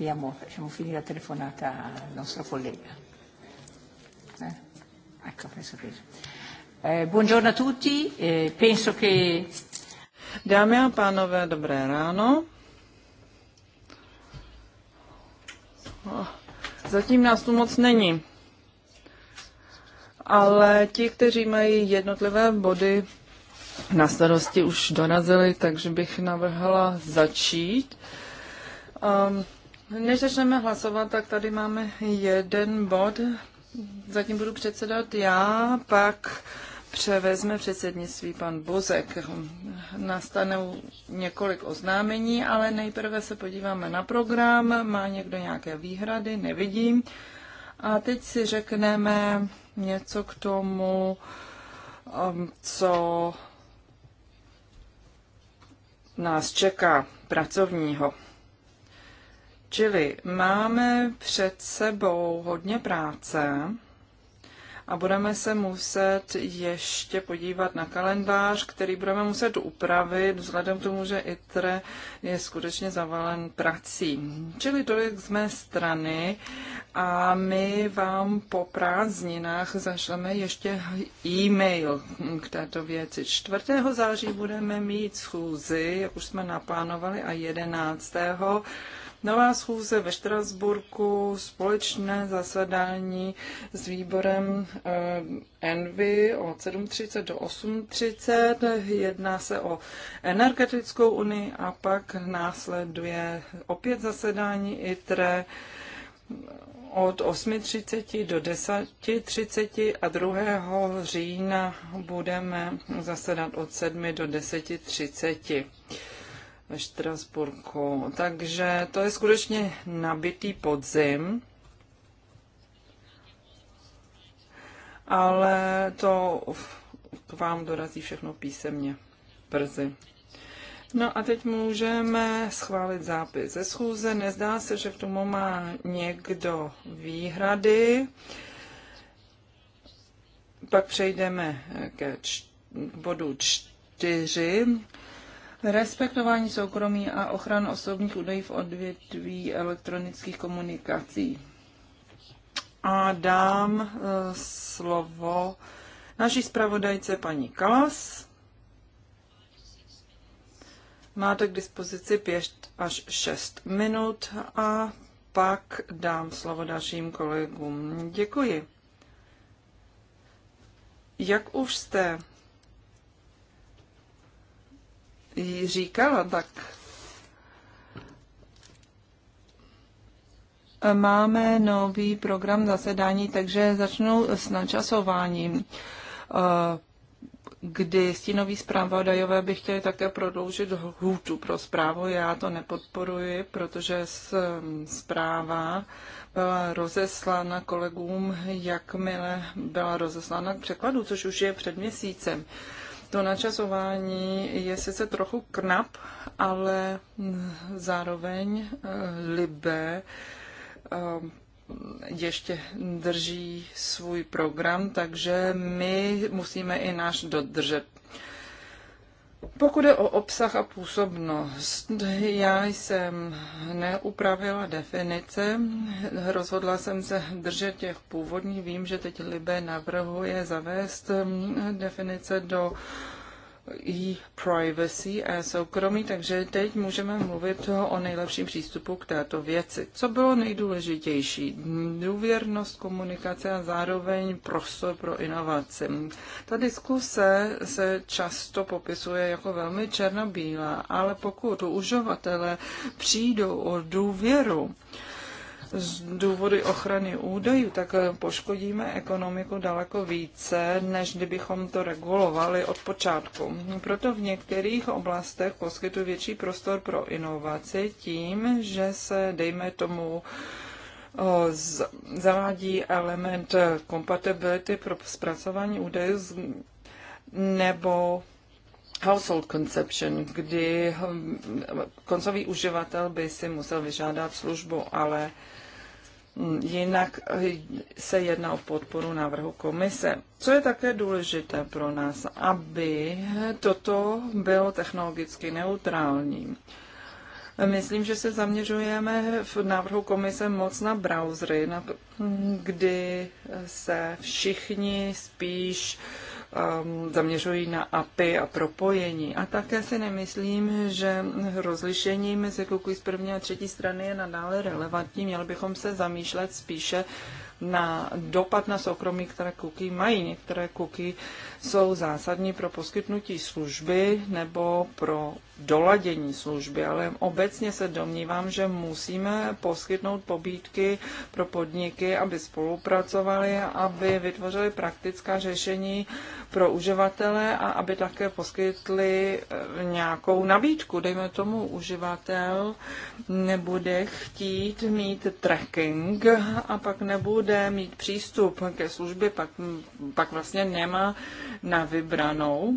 abbiamo, facciamo finire la telefonata al nostro collega. Eh? Ecco, penso che... Eh, buongiorno a tutti, eh, penso che... Dame a panove, dobre rano. Oh, zatím nás tu moc není. Ale ti, kteří mají jednotlivé body na starosti, už dorazili, takže bych navrhla začít. Um, než začneme hlasovat, tak tady máme jeden bod. Zatím budu předsedat já, pak převezme předsednictví pan Bozek. Nastane několik oznámení, ale nejprve se podíváme na program. Má někdo nějaké výhrady? Nevidím. A teď si řekneme něco k tomu, um, co nás čeká pracovního. Čili máme před sebou hodně práce a budeme se muset ještě podívat na kalendář, který budeme muset upravit vzhledem k tomu, že ITRE je skutečně zavalen prací. Čili tolik z mé strany a my vám po prázdninách zašleme ještě e-mail k této věci. 4. září budeme mít schůzi, jak už jsme naplánovali, a 11 Nová schůze ve Štrasburku, společné zasedání s výborem Envy eh, od 7.30 do 8.30. Jedná se o energetickou unii a pak následuje opět zasedání ITRE od 8.30 do 10.30 a 2. října budeme zasedat od 7 do 10.30 ve Štrasburku. Takže to je skutečně nabitý podzim. Ale to k vám dorazí všechno písemně brzy. No a teď můžeme schválit zápis ze schůze. Nezdá se, že k tomu má někdo výhrady. Pak přejdeme ke bodu 4 respektování soukromí a ochranu osobních údajů v odvětví elektronických komunikací. A dám eh, slovo naší zpravodajce paní Kalas. Máte k dispozici 5 až 6 minut a pak dám slovo dalším kolegům. Děkuji. Jak už jste jí říkala, tak máme nový program zasedání, takže začnou s načasováním eh, kdy stínoví zpravodajové by chtěli také prodloužit hůtu pro zprávu. Já to nepodporuji, protože zpráva byla rozeslána kolegům, jakmile byla rozeslána k překladu, což už je před měsícem. To načasování je sice trochu knap, ale zároveň eh, Libe eh, ještě drží svůj program, takže my musíme i náš dodržet. Pokud je o obsah a působnost, já jsem neupravila definice, rozhodla jsem se držet těch původních. Vím, že teď Libe navrhuje zavést definice do i privacy a soukromí, takže teď můžeme mluvit o nejlepším přístupu k této věci. Co bylo nejdůležitější? Důvěrnost komunikace a zároveň prostor pro inovaci. Ta diskuse se často popisuje jako velmi černobílá, ale pokud uživatelé přijdou o důvěru, z důvodu ochrany údajů, tak eh, poškodíme ekonomiku daleko více, než kdybychom to regulovali od počátku. Proto v některých oblastech poskytuje větší prostor pro inovaci tím, že se, dejme tomu, zavádí element kompatibility pro zpracování údajů nebo household conception, kdy hm, koncový uživatel by si musel vyžádat službu, ale Jinak eh, se jedná o podporu návrhu komise. Co je také důležité pro nás, aby toto bylo technologicky neutrální. Myslím, že se zaměřujeme v návrhu komise moc na browsery, kdy se všichni spíš uh, um, zaměřují na API a propojení. A také si nemyslím, že rozlišení mezi kukují z první a třetí strany je nadále relevantní. Měli bychom se zamýšlet spíše na dopad na soukromí, které kuky mají. Některé kuky jsou zásadní pro poskytnutí služby nebo pro doladění služby, ale obecně se domnívám, že musíme poskytnout pobídky pro podniky, aby spolupracovali, aby vytvořili praktická řešení pro uživatele a aby také poskytli eh, nějakou nabídku. Dejme tomu, uživatel nebude chtít mít tracking a pak nebude mít přístup ke službě, pak, pak vlastně nemá na vybranou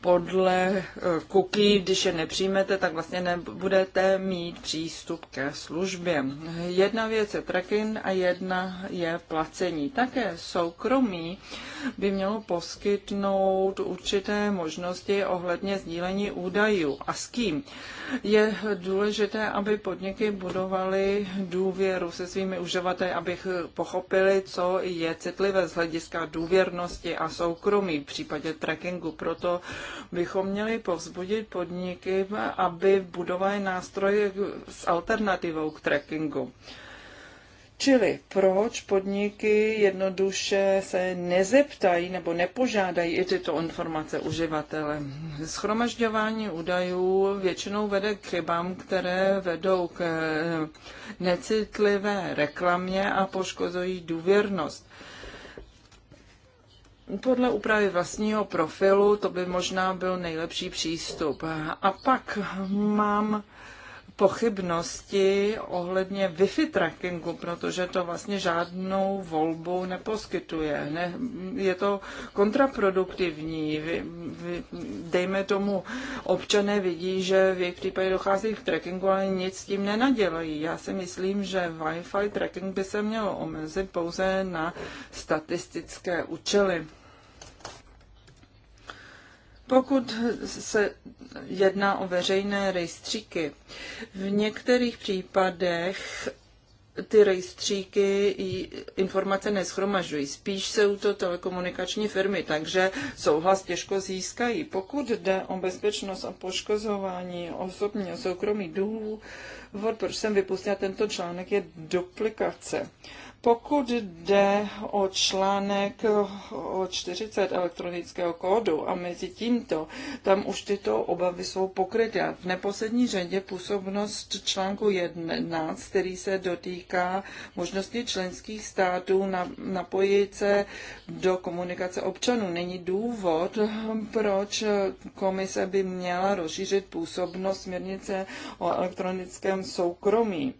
podle eh, cookie, když je nepřijmete, tak vlastně nebudete mít přístup ke službě. Jedna věc je tracking a jedna je placení. Také soukromí by mělo poskytnout určité možnosti ohledně sdílení údajů. A s kým? Je důležité, aby podniky budovaly důvěru se svými uživateli, aby pochopili, co je citlivé z hlediska důvěrnosti a soukromí v případě trackingu. Proto bychom měli povzbudit podniky, aby budovali nástroje s alternativou k trackingu. Čili proč podniky jednoduše se nezeptají nebo nepožádají i tyto informace uživatele? Schromažďování údajů většinou vede k chybám, které vedou k eh, necitlivé reklamě a poškozují důvěrnost. Podle úpravy vlastního profilu to by možná byl nejlepší přístup. A pak mám pochybnosti ohledně Wi-Fi trackingu, protože to vlastně žádnou volbu neposkytuje. Ne, je to kontraproduktivní. Vy, vy, dejme tomu, občané vidí, že v jejich případě dochází k trackingu, ale nic s tím nenadělají. Já si myslím, že Wi-Fi tracking by se mělo omezit pouze na statistické účely. Pokud se jedná o veřejné rejstříky, v některých případech ty rejstříky informace neschromažují. Spíš jsou to telekomunikační firmy, takže souhlas těžko získají. Pokud jde o bezpečnost a poškozování osobního soukromí důvod, proč jsem vypustila tento článek, je duplikace. Uh, pokud jde o článek o 40 elektronického kódu a mezi tímto, tam už tyto obavy jsou pokryté. v neposlední řadě působnost článku 11, který se dotýká možnosti členských států na, napojit se do komunikace občanů. Není důvod, proč komise by měla rozšířit působnost směrnice o elektronickém soukromí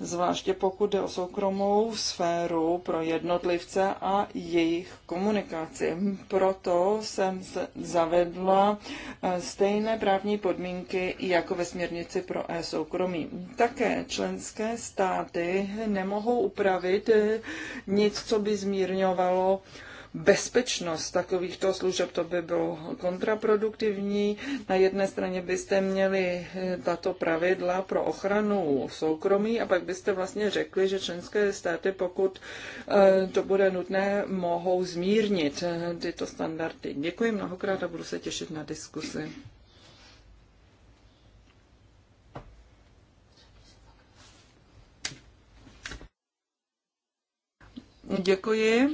zvláště pokud jde o soukromou sféru pro jednotlivce a jejich komunikaci. Proto jsem zavedla eh, stejné právní podmínky jako ve směrnici pro e-soukromí. Také členské státy nemohou upravit eh, nic, co by zmírňovalo bezpečnost takovýchto služeb, to by bylo kontraproduktivní. Na jedné straně byste měli eh, tato pravidla pro ochranu soukromí a pak byste vlastně řekli, že členské státy, pokud eh, to bude nutné, mohou zmírnit eh, tyto standardy. Děkuji mnohokrát a budu se těšit na diskusi. Děkuji.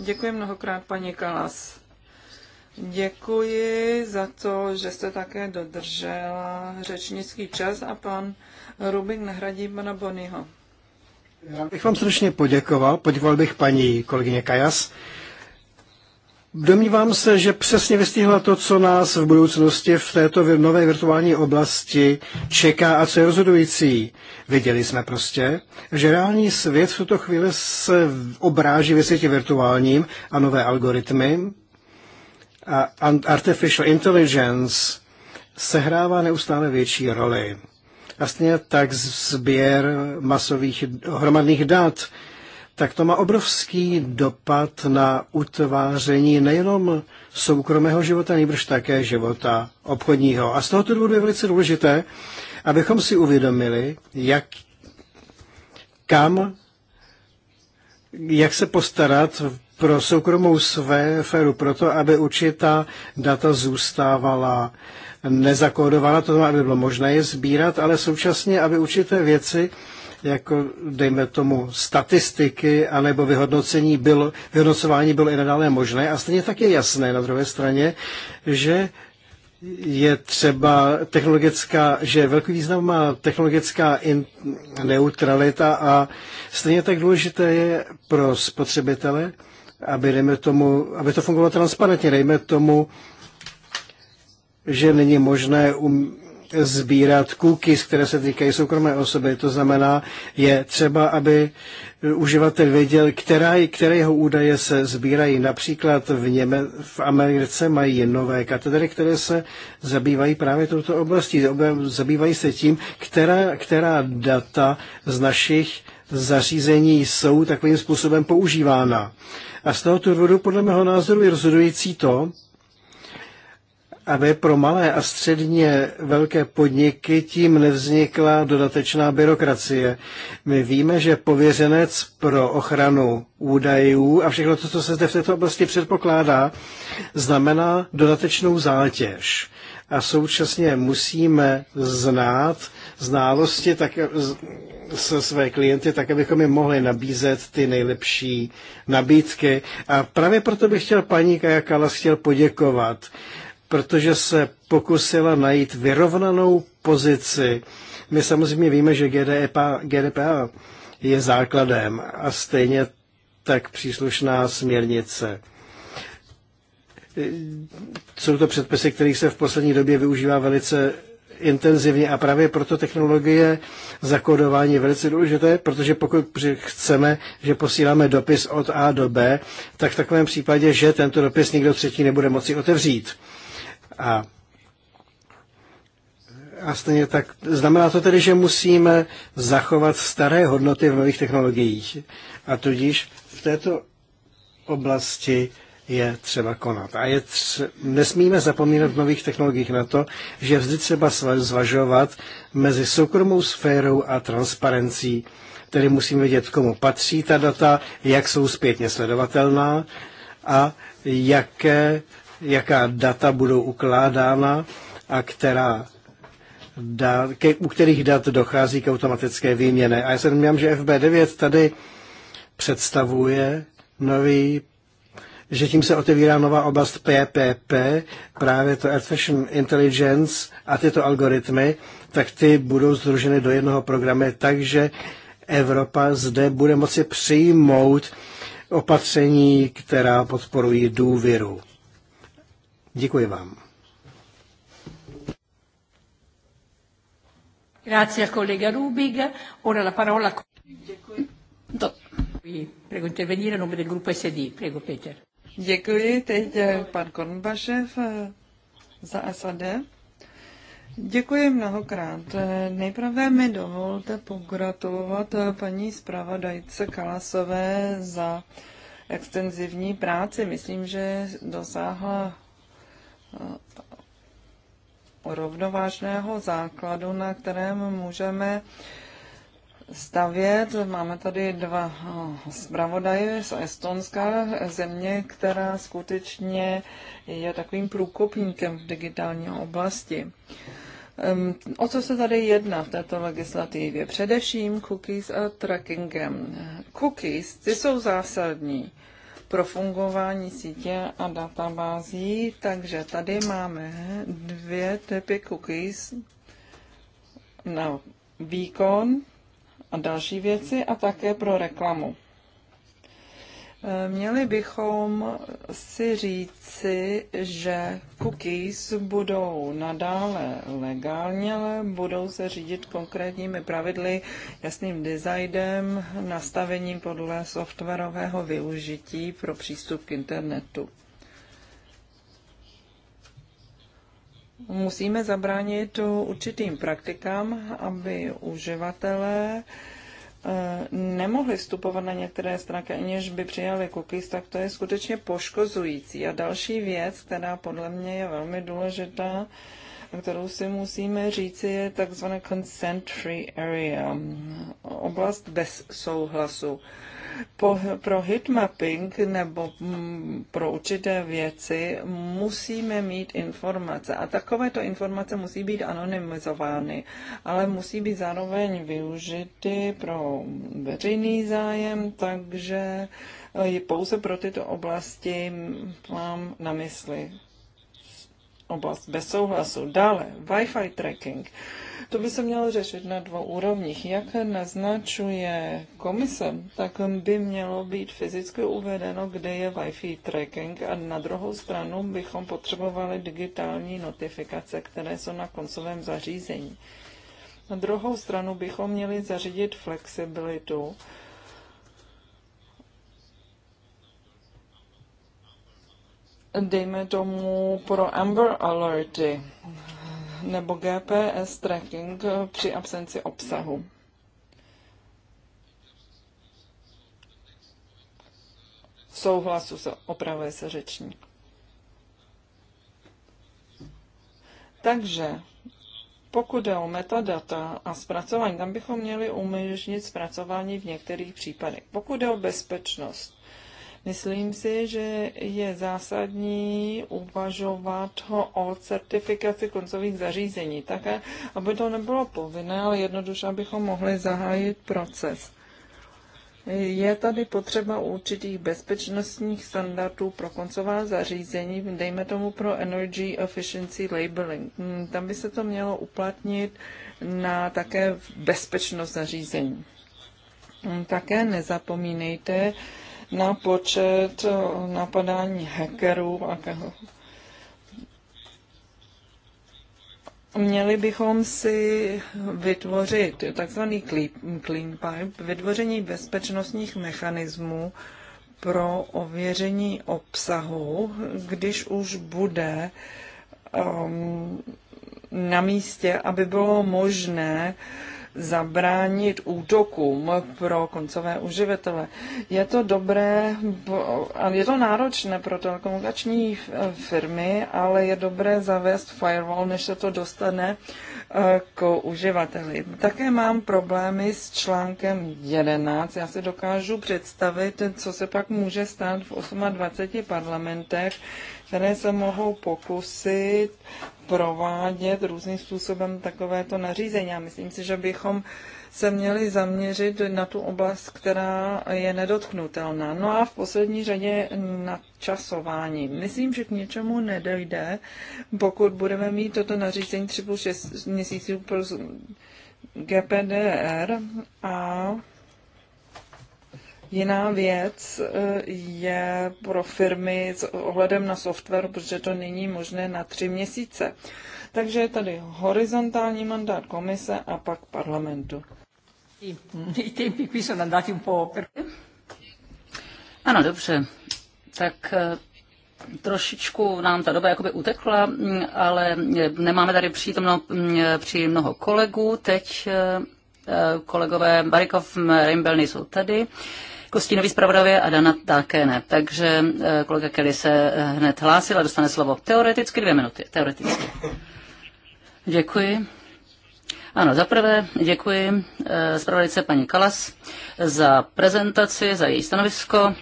Děkuji mnohokrát, paní Kalas. Děkuji za to, že jste také dodržela řečnický čas a pan Rubik nahradí pana Bonyho. Já bych vám srdečně. poděkoval. Poděkoval bych paní kolegyně Kajas Domnívám se, že přesně vystihla to, co nás v budoucnosti v této nové virtuální oblasti čeká a co je rozhodující. Viděli jsme prostě, že reálný svět v tuto chvíli se obráží ve světě virtuálním a nové algoritmy a artificial intelligence sehrává neustále větší roli. Vlastně tak sběr masových hromadných dat, tak to má obrovský dopad na utváření nejenom soukromého života, nejbrž také života obchodního. A z tohoto důvodu je velice důležité, abychom si uvědomili, jak, kam, jak se postarat pro soukromou své féru, proto aby určitá data zůstávala nezakódována, to aby bylo možné je sbírat, ale současně, aby určité věci jako dejme tomu statistiky anebo vyhodnocení bylo, vyhodnocování bylo i nadále možné. A stejně tak je jasné na druhé straně, že je třeba technologická, že velký význam má technologická in, neutralita a stejně tak důležité je pro spotřebitele, aby, dejme tomu, aby to fungovalo transparentně, dejme tomu, že není možné um, sbírat cookies, které se týkají soukromé osoby. To znamená, je třeba, aby uživatel věděl, která, které jeho údaje se sbírají. Například v, Něme, v Americe mají nové katedry, které se zabývají právě touto oblastí. Zabývají se tím, která, která data z našich zařízení jsou takovým způsobem používána. A z tohoto důvodu podle mého názoru je rozhodující to, aby pro malé a středně velké podniky tím nevznikla dodatečná byrokracie. My víme, že pověřenec pro ochranu údajů a všechno to, co se zde v této oblasti předpokládá, znamená dodatečnou zátěž. A současně musíme znát znalosti tak, se své klienty, tak abychom jim mohli nabízet ty nejlepší nabídky. A právě proto bych chtěl paní Kajakala chtěl poděkovat protože se pokusila najít vyrovnanou pozici. My samozřejmě víme, že GDPA, e GDPA je základem a stejně tak příslušná směrnice. Jsou to předpisy, kterých se v poslední době využívá velice intenzivně a právě proto technologie zakódování je velice důležité, protože pokud chceme, že posíláme dopis od A do B, tak v takovém případě, že tento dopis nikdo třetí nebude moci otevřít. A, a stejně tak znamená to tedy, že musíme zachovat staré hodnoty v nových technologiích. A tudíž v této oblasti je třeba konat. A je tř- nesmíme zapomínat v nových technologiích na to, že vždy třeba zvažovat mezi soukromou sférou a transparencí. Tedy musíme vědět, komu patří ta data, jak jsou zpětně sledovatelná a jaké jaká data budou ukládána a která da, ke, u kterých dat dochází k automatické výměně. A já se domnívám, že FB9 tady představuje nový že tím se otevírá nová oblast PPP, právě to Artificial Intelligence a tyto algoritmy, tak ty budou združeny do jednoho programu, takže Evropa zde bude moci přijmout opatření, která podporují důvěru. Děkuji vám. Grazie kolega Rubig. Ora la parola... Děkuji. To. Prego intervenire a nome del gruppo SD. Prego, Peter. Děkuji. Teď pan Konbašev eh, za SAD. Děkuji mnohokrát. Eh, nejprve mi dovolte pogratulovat eh, paní zpravodajce Kalasové za extenzivní práci. Myslím, že dosáhla Eh, rovnovážného základu, na kterém můžeme stavět. Máme tady dva eh, zpravodaje z Estonska, země, která skutečně je takovým průkopníkem v digitální oblasti. O co se tady jedná v této legislativě? Především cookies a trackingem. Cookies, ty jsou zásadní pro fungování sítě a databází. Takže tady máme dvě typy cookies na výkon a další věci a také pro reklamu. Měli bychom si říci, že cookies budou nadále legálně, ale budou se řídit konkrétními pravidly, jasným designem, nastavením podle softwarového využití pro přístup k internetu. Musíme zabránit určitým praktikám, aby uživatelé Eh, nemohli vstupovat na některé stránky, aniž by přijali cookies, tak to je skutečně poškozující. A další věc, která podle mě je velmi důležitá, kterou si musíme říci, je takzvané consent free area, oblast bez souhlasu. Po, pro hitmapping nebo mm, pro určité věci musíme mít informace a takovéto informace musí být anonymizovány, ale musí být zároveň využity pro veřejný zájem, takže eh, je pouze pro tyto oblasti mám na mysli oblast bez souhlasu. Dále Wi-Fi tracking. To by se mělo řešit na dvou úrovních. Jak naznačuje komise, tak by mělo být fyzicky uvedeno, kde je Wi-Fi tracking a na druhou stranu bychom potřebovali digitální notifikace, které jsou na koncovém zařízení. Na druhou stranu bychom měli zařídit flexibilitu dejme tomu pro Amber Alerty nebo GPS tracking při absenci obsahu. Souhlasu se opravuje se řečník. Takže pokud jde o metadata a zpracování, tam bychom měli umožnit zpracování v některých případech. Pokud jde o bezpečnost, Myslím si, že je zásadní uvažovat ho o certifikaci koncových zařízení, také aby to nebylo povinné, ale jednoduše, abychom mohli zahájit proces. Je tady potřeba určitých bezpečnostních standardů pro koncová zařízení, dejme tomu pro Energy Efficiency Labeling. Hmm, tam by se to mělo uplatnit na také bezpečnost zařízení. Hmm, také nezapomínejte, na počet eh, napadání hackerů a Měli bychom si vytvořit takzvaný clean pipe, vytvoření bezpečnostních mechanismů pro ověření obsahu, když už bude um, na místě, aby bylo možné uh, zabránit útokům pro koncové uživatele. Je to dobré, je to náročné pro telekomunikační firmy, ale je dobré zavést firewall, než se to dostane k uživateli. Také mám problémy s článkem 11. Já si dokážu představit, co se pak může stát v 28 parlamentech, které se mohou pokusit provádět různým způsobem takovéto nařízení. Já myslím si, že bychom se měli zaměřit na tu oblast, která je nedotknutelná. No a v poslední řadě na časování. Myslím, že k něčemu nedojde, pokud budeme mít toto nařízení 3 plus 6 měsíců pro GPDR a Jiná věc eh, je pro firmy s ohledem na software, protože to není možné na tři měsíce. Takže je tady horizontální mandát komise a pak parlamentu. Ano, dobře. Tak eh, trošičku nám ta doba jakoby utekla, mm, ale eh, nemáme tady přítomno, mm, eh, při mnoho kolegů. Teď kolegové Barikov, mm, Rimbel nejsou tady. Kostínový zpravodavě a Dana také ne. Takže kolega Kelly se hned hlásil a dostane slovo. Teoreticky dvě minuty. Teoreticky. Děkuji. Ano, zaprvé děkuji eh, zpravodajce paní Kalas za prezentaci, za její stanovisko.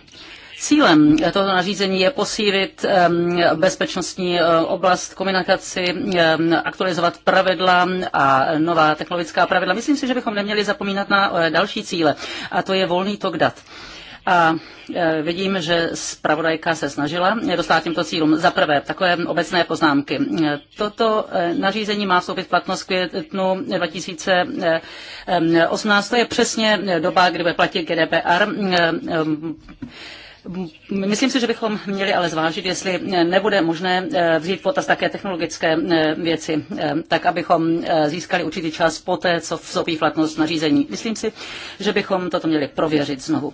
Cílem tohoto nařízení je posílit bezpečnostní eh, oblast komunikaci, aktualizovat pravidla a nová technologická pravidla. Myslím si, že bychom neměli zapomínat na eh, další cíle, a to je volný tok dat a e, vidím, že zpravodajka se snažila dostat těmto cílům. Za prvé, takové obecné poznámky. E, toto e, nařízení má vstoupit v platnost květnu 2018. To je přesně doba, kdy bude platit GDPR. Myslím si, že bychom měli ale zvážit, jestli nebude možné vzít potaz také technologické věci, tak abychom získali určitý čas poté, co vstoupí platnost nařízení. Myslím si, že bychom toto měli prověřit znovu.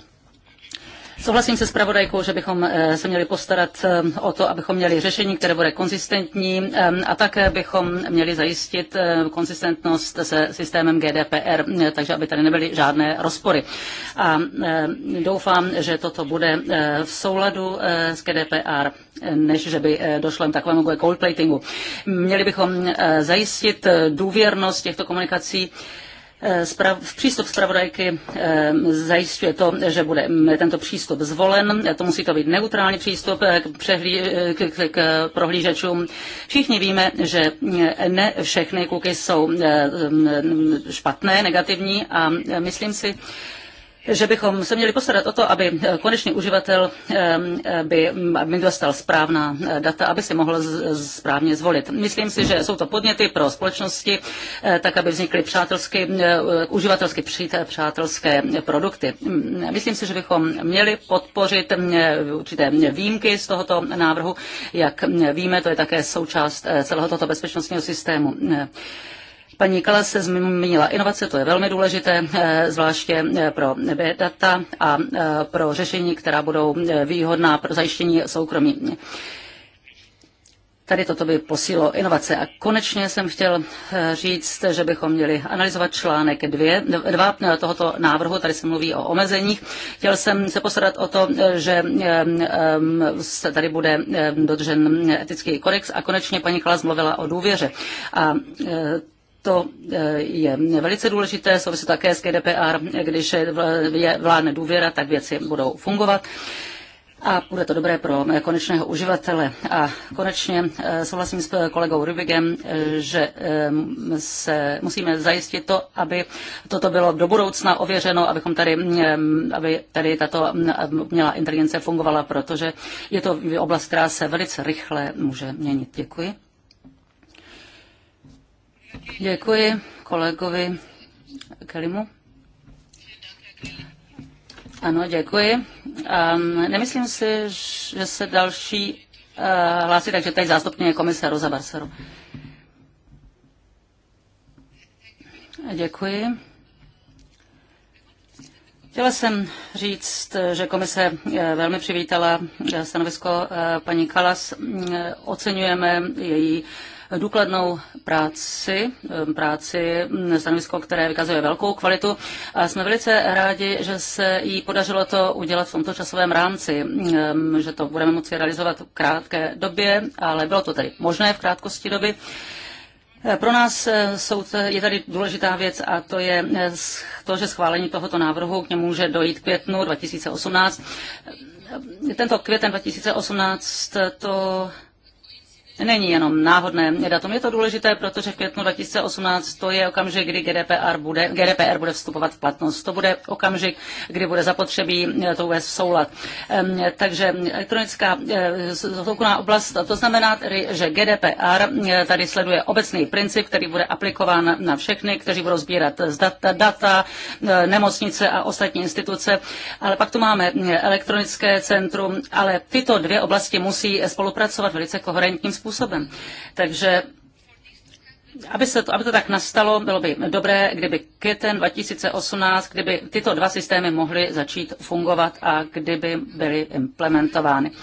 Souhlasím se s pravodajkou, že bychom eh, se měli postarat eh, o to, abychom měli řešení, které bude konzistentní eh, a také bychom měli zajistit konzistentnost se systémem GDPR, takže aby tady nebyly žádné rozpory. A doufám, že toto bude v souladu s GDPR, než že by došlo k takovému cold platingu. Měli bychom zajistit důvěrnost těchto komunikací Eh, Sprav, přístup zpravodajky eh, zajišťuje to, že bude mm, tento přístup zvolen. Eh, to musí to být neutrální přístup k, přehlí, k, k prohlížečům. Všichni víme, že ne všechny kuky jsou mm, špatné, negativní a myslím si, že bychom se měli postarat o to, aby eh, konečný uživatel ehm, eh, by, mm, by dostal správná eh, data, aby si mohl z, správně zvolit. Myslím si, že jsou to podněty pro společnosti, tak aby vznikly přátelsky, uživatelsky přátelské produkty. Mm, myslím si, že bychom měli podpořit určité výjimky z tohoto návrhu. Jak mm, víme, to je také součást celého tohoto bezpečnostního systému. Paní Kala se zmínila inovace, to je velmi důležité, eh, zvláště eh, pro data a eh, pro řešení, která budou výhodná pro zajištění soukromí. Tady toto by posílo inovace. A konečně jsem chtěl říct, že bychom měli analyzovat článek 2 tohoto návrhu. Tady se mluví o omezeních. Chtěl jsem se postarat o to, že se tady bude dodržen etický kodex a konečně paní Klas mluvila o důvěře. A to eh, je velice důležité, souvisí také s GDPR, když je vládne důvěra, tak věci budou fungovat a bude to dobré pro konečného uživatele. A konečně eh, souhlasím s kolegou Rubigem, eh, že se musíme zajistit to, aby toto bylo do budoucna ověřeno, abychom tady, aby tady tato měla inteligence fungovala, protože je to oblast, která se velice rychle může měnit. Děkuji. Děkuji kolegovi Kelimu. Ano, děkuji. Um, nemyslím si, že se další uh, hlásí, takže tady zástupně komise Rosa Barcero. Děkuji. Chtěla jsem říct, že komise eh, velmi přivítala eh, stanovisko paní Kalas. Mm, oceňujeme její uh, důkladnou práci, eh, práci, mm, stanovisko, které vykazuje velkou kvalitu a jsme velice rádi, že se jí podařilo to udělat v tomto časovém rámci, mm, že to budeme moci realizovat v krátké době, ale bylo to tedy možné v krátkosti doby. Eh, pro nás eh, jsou, je tady důležitá věc a to je to, že schválení tohoto návrhu k němu může dojít k květnu 2018. Tento květen 2018 to není jenom náhodné datum. Je to důležité, protože v květnu 2018 to je okamžik, kdy GDPR bude, GDPR bude vstupovat v platnost. To bude okamžik, kdy bude zapotřebí eh, to uvést v soulad. Ehm, takže elektronická eh, soukromá oblast, to znamená, tedy, že GDPR eh, tady sleduje obecný princip, který bude aplikován na všechny, kteří budou sbírat data, data nemocnice a ostatní instituce. Ale pak tu máme elektronické centrum, ale tyto dvě oblasti musí spolupracovat velice koherentním způsobem způsobem. Takže aby, se to, aby to tak nastalo, bylo by dobré, kdyby květen 2018, kdyby tyto dva systémy mohly začít fungovat a kdyby byly implementovány. Uh,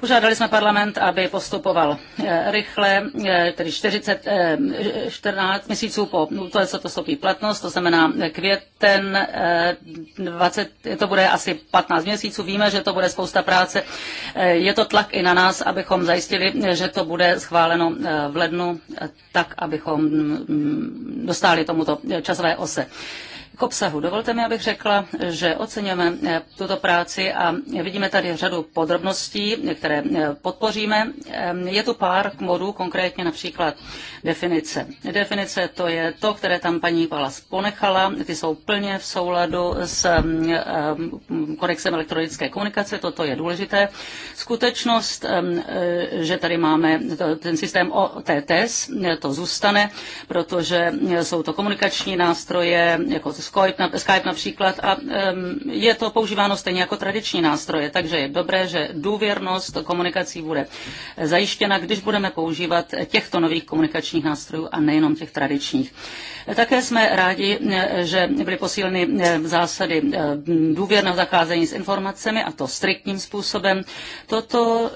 Požádali jsme parlament, aby postupoval eh, rychle, eh, tedy 40, 14 eh, měsíců po to, co to stoupí platnost, to znamená květen 20, to bude asi 15 měsíců, víme, že to bude spousta práce. Je to tlak i na nás, abychom zajistili, že to bude schváleno v lednu, tak abychom mm, dostali tomuto časové ose. K obsahu. Dovolte mi, abych řekla, že oceňujeme eh, tuto práci a vidíme tady řadu podrobností, které eh, podpoříme. Eh, je tu pár modů, konkrétně například definice. Definice to je to, které tam paní Palas ponechala. Ty jsou plně v souladu s kodexem elektronické komunikace, toto je důležité. Skutečnost, že tady máme ten systém OTTS, to zůstane, protože jsou to komunikační nástroje, jako Skype, na Skype například a je to používáno stejně jako tradiční nástroje, takže je dobré, že důvěrnost komunikací bude zajištěna, když budeme používat těchto nových komunikačních nástrojů a nejenom těch tradičních. Také jsme rádi, že byly posíleny zásady důvěrného zacházení s informacemi a to striktním způsobem. Toto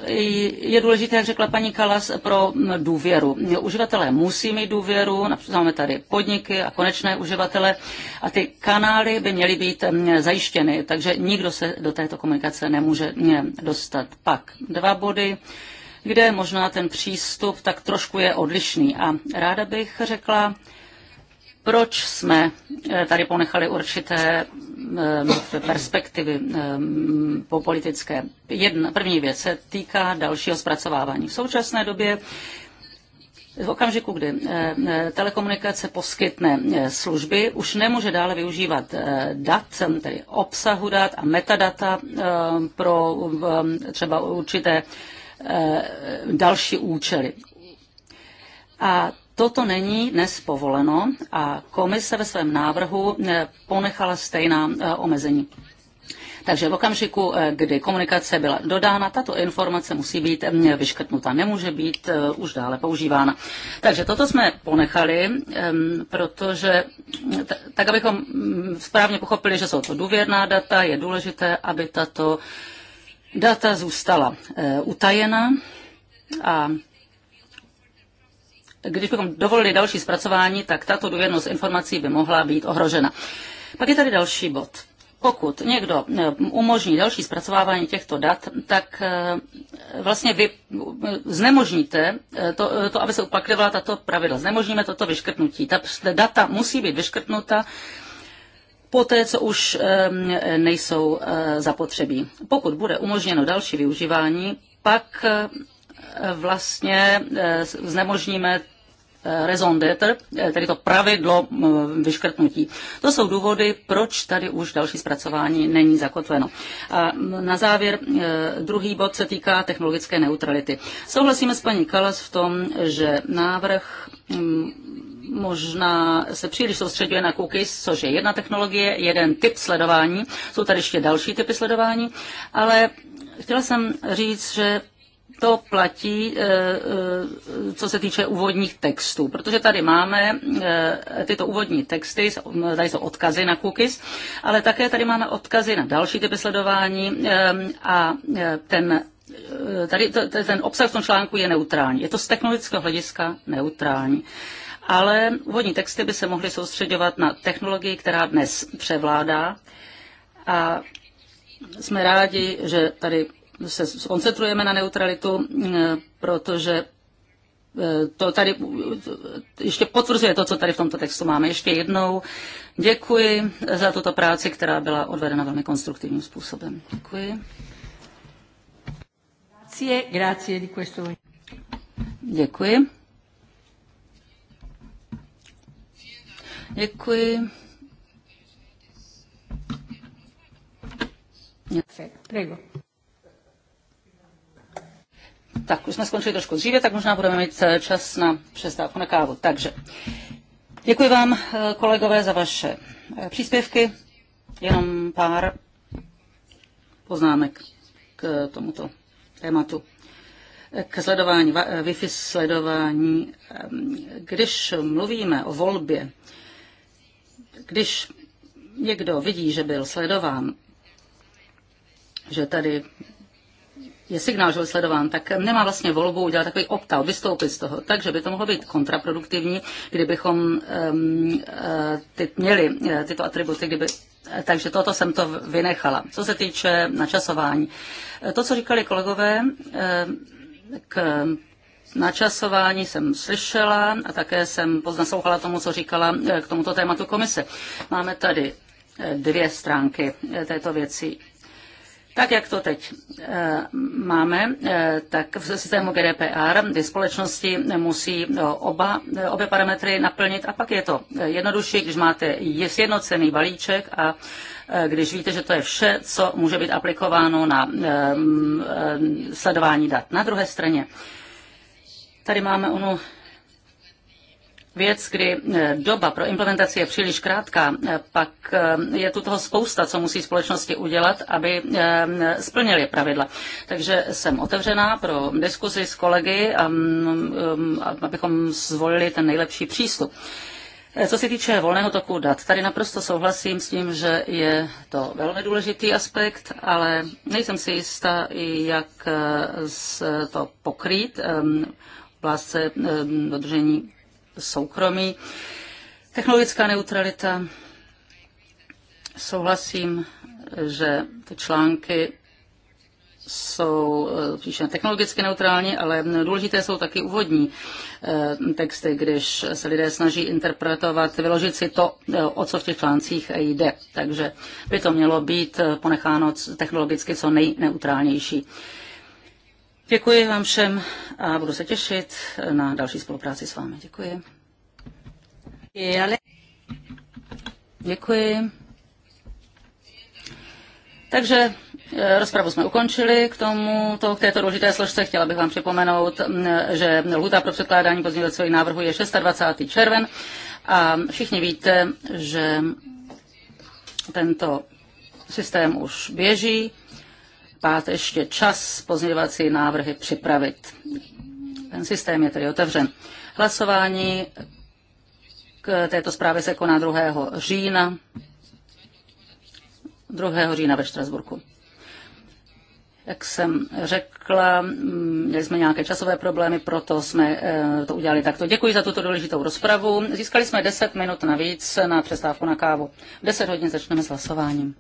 je důležité, jak řekla paní Kalas, pro důvěru. Uživatelé musí mít důvěru, například máme tady podniky a konečné uživatele a ty ty kanály by měly být zajištěny, takže nikdo se do této komunikace nemůže dostat. Pak dva body kde možná ten přístup tak trošku je odlišný. A ráda bych řekla, proč jsme eh, tady ponechali určité perspektivy po politické. Jedna, první věc se týká dalšího zpracovávání. V současné době v okamžiku, kdy eh, eh, telekomunikace poskytne eh, služby, už nemůže dále využívat dat, tedy obsahu dat a metadata pro třeba určité další účely. A Toto není dnes povoleno a komise ve svém návrhu ponechala stejná omezení. Takže v okamžiku, eh, kdy komunikace byla dodána, tato informace musí být eh, vyškrtnuta, nemůže být eh, už dále používána. Takže toto jsme ponechali, ehm, protože tak, abychom mm, správně pochopili, že jsou to důvěrná data, je důležité, aby tato data zůstala utajena a když bychom dovolili další zpracování, tak tato důvěrnost informací by mohla být ohrožena. Pak je tady další bod. Pokud někdo eh, umožní další zpracovávání těchto dat, tak eh, vlastně vy eh, znemožníte to, to aby se upakovala tato pravidla. Znemožníme toto vyškrtnutí. Ta data musí být vyškrtnuta po té, co už ehm, nejsou zapotřebí. Pokud bude umožněno další využívání, pak vlastně znemožníme Eh, raison d'être, eh, tedy to pravidlo eh, vyškrtnutí. To jsou důvody, proč tady už další zpracování není zakotveno. A na závěr druhý bod se týká technologické neutrality. Souhlasíme s paní Kalas v tom, že návrh mm, možná se příliš soustředuje na cookies, což je jedna technologie, jeden typ sledování. Jsou tady ještě další typy sledování, ale chtěla jsem říct, že to platí, eh, eh, co se týče úvodních textů, protože tady máme eh, tyto úvodní texty, tady jsou odkazy na cookies, ale také tady máme odkazy na další typy sledování a ten Tady ten obsah v tom článku je neutrální. Je to z technologického hlediska neutrální ale úvodní texty by se mohly soustředovat na technologii, která dnes převládá. A jsme rádi, že tady se skoncentrujeme na neutralitu, e, protože e, to tady ještě potvrzuje to, co tady v tomto textu máme. Ještě jednou děkuji za tuto práci, která byla odvedena velmi konstruktivním způsobem. Děkuji. Grazie, grazie di questo. Děkuji. Děkuji. Prego. Tak, už jsme skončili trošku dříve, tak možná budeme mít eh, čas na přestávku na kávu. Takže děkuji vám, eh, kolegové, za vaše eh, příspěvky. Jenom pár poznámek k tomuto tématu. K sledování, Wi-Fi sledování. Když mluvíme o volbě, když někdo vidí, že byl sledován, že tady je signál, že byl sledován, tak nemá vlastně volbu udělat takový opt-out, vystoupit z toho. Takže by to mohlo být kontraproduktivní, kdybychom um, ty, měli eh, tyto atributy, kdyby eh, takže toto jsem to vynechala. Co se týče načasování. To, co říkali kolegové k načasování jsem slyšela a také jsem poznaslouchala tomu, co říkala k tomuto tématu komise. Máme tady dvě stránky této věci. Tak, jak to teď eh, máme, eh, tak v systému GDPR ty společnosti musí eh, oba, obě parametry naplnit a pak je to jednodušší, když máte sjednocený balíček a když víte, že to je vše, co může být aplikováno na sledování dat. Na druhé straně, tady máme onu věc, kdy eh, doba pro implementaci je příliš krátká, eh, pak eh, je tu toho spousta, co musí společnosti udělat, aby splnili pravidla. Takže jsem otevřená pro diskuzi s kolegy, um, abychom zvolili ten nejlepší přístup. Co se týče volného toku dat, tady naprosto souhlasím s tím, že je to velmi důležitý aspekt, ale nejsem si jistá, jak to pokrýt ehm, v ehm, dodržení soukromí. Technologická neutralita. Souhlasím, že ty články jsou eh, spíše technologicky neutrální, ale důležité jsou taky úvodní eh, texty, když se lidé snaží interpretovat, vyložit si to, eh, o co v těch článcích jde. Takže by to mělo být ponecháno technologicky co nejneutrálnější. Děkuji vám všem a budu se těšit na další spolupráci s vámi. Děkuji. Děkuji. Takže eh, Rozpravu jsme ukončili k tomu, to, k této důležité složce. Chtěla bych vám připomenout, že lhuta pro předkládání pozměňovacích návrhu je 26. červen a všichni víte, že tento systém už běží máte ještě čas pozměňovací návrhy připravit. Ten systém je tedy otevřen. Hlasování k této zprávě se koná 2. října. 2. října ve Štrasburku. Jak jsem řekla, mm, měli jsme nějaké časové problémy, proto jsme eh, to udělali takto. Děkuji za tuto důležitou rozpravu. Získali jsme 10 minut navíc na přestávku na kávu. V 10 hodin začneme s hlasováním.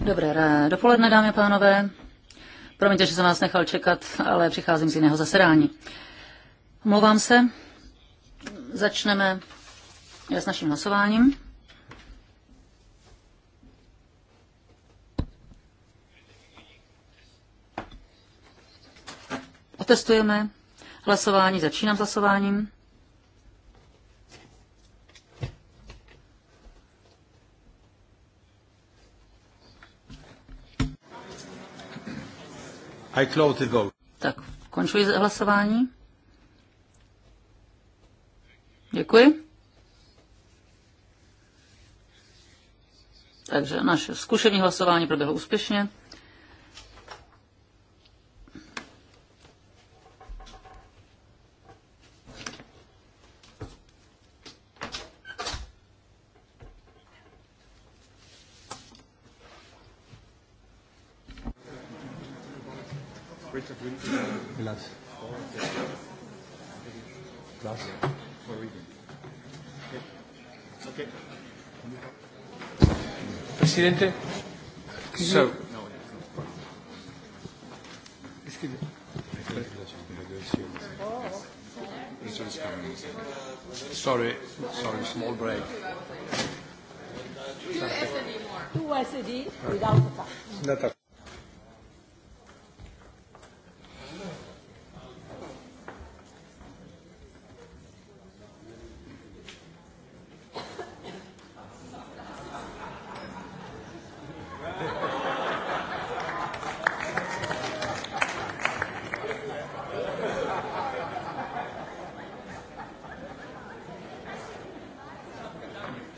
Dobré dopoledne, dámy a pánové. Promiňte, že jsem vás nechal čekat, ale přicházím z jiného zasedání. Mluvám se. Začneme eh, s naším hlasováním. Otestujeme hlasování, začínám s hlasováním. I close the vote. Tak, končuji hlasování. Děkuji. Takže naše zkušení hlasování proběhlo úspěšně. Presidente.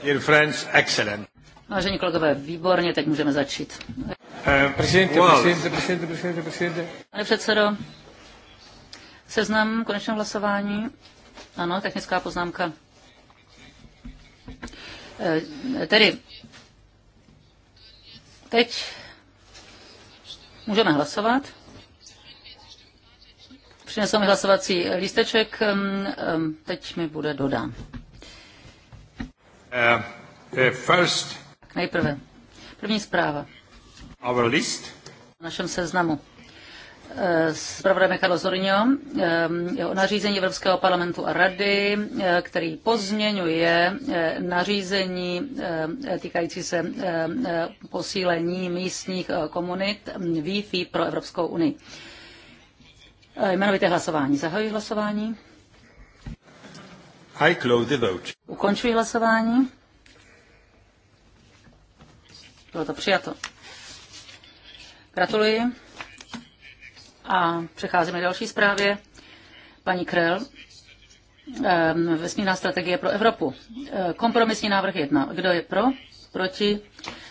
Dear friends, excellent. Vážení kolegové, výborně, teď můžeme začít. Prezidente, prezidente, prezidente, prezidente, prezidente. Pane předsedo, seznam konečného hlasování. Ano, technická poznámka. Tedy, teď můžeme hlasovat. Přinesl mi hlasovací lísteček, teď mi bude dodán. Eh, tak nejprve. První zpráva. Our list. V našem seznamu. Eh, Zpravodajeme Carlo Zorinho eh, o nařízení Evropského parlamentu a rady, který pozměňuje nařízení týkající se posílení místních komunit mm, Wi-Fi pro Evropskou unii. Jmenovité hlasování. Zahajuji hlasování. I close the vote. Ukončuji hlasování. Bylo to přijato. Gratuluji. A přecházíme k další zprávě. Paní Krell, ehm, vesmírná strategie pro Evropu. Ehm, kompromisní návrh jedna. Kdo je pro? Proti?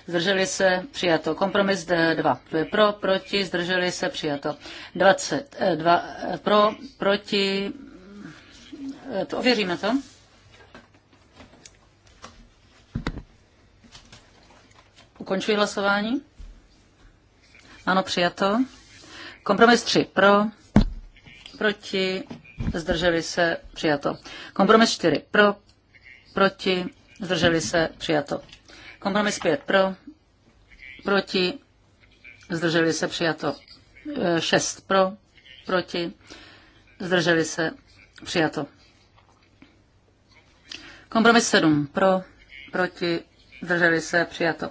Zdrželi se? Přijato. Kompromis 2. Kdo je pro? Proti? Zdrželi se? Přijato. 22 eh, pro? Proti? Eh, to ověříme to. Ukončuji hlasování. Ano, přijato. Kompromis 3 pro, proti, zdrželi se, přijato. Kompromis 4 pro, proti, zdrželi se, přijato. Kompromis 5 pro, proti, zdrželi se, přijato. 6 eh, pro, proti, zdrželi se, přijato. Kompromis 7 pro, proti, drželi se, přijato.